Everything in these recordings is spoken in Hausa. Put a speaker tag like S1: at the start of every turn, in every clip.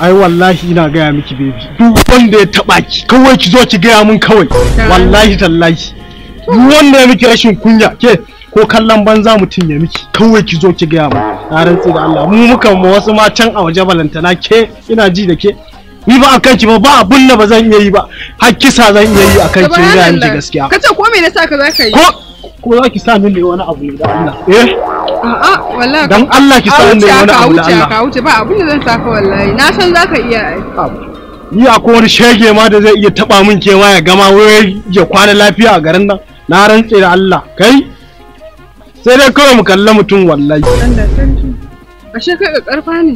S1: ai wallahi ina gaya miki baby duk wanda ya taba ki kawai ki zo ki gaya mun kawai wallahi tallahi duk wanda ya miki rashin kunya ke ko kallon banza mutum ya miki kawai ki zo ki gaya mun na rantsi da Allah mu muka mu wasu ma can a waje balantana ke ina ji da ke ni ba akan ki ba ba abun da ba zan iya yi ba har kisa zan iya yi akan ki ina ji gaskiya kace ko me nasa ka zaka yi ko ko zaki sa min wani abu da Allah eh a'a wallahi dan Allah ki san ne wani abu da Allah ka wuce ba abin da zan saka wallahi na san zaka iya ni akwai wani shege ma da zai iya taba min kema ya gama wai ya kwana lafiya a garin nan na rantse da Allah kai sai dai kawai mu kalla mutum wallahi Allah sarki ashe kai ka karfa ne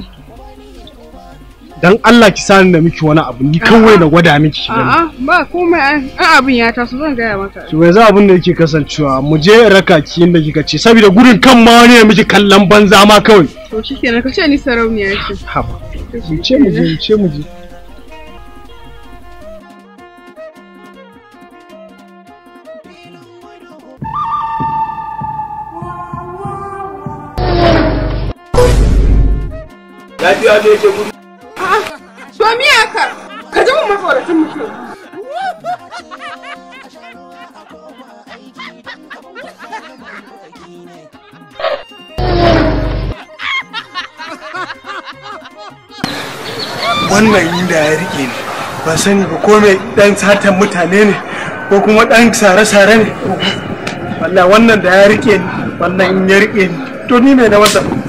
S1: dan Allah ki sani da miki wani abu ni kawai da gwada miki shi a'a ba komai an abin ya taso zan gaya maka to yanzu abin da yake kasancewa mu je raka ki inda kika ce saboda gurin kan ma wani miki kallon banza ma kawai to shikenan ka ce ni sarauniya ce haba mu ce mu je ce mu je Lafiya gudu. To haka? Ka ji mun mafauracin mutum. Wannan inda ya rike ni ba sani ba komai dan satan mutane ne ko kuma dan sare-sare ne. Wallah wannan da ya rike ni wannan in ya rike ni to ni ne na wasa.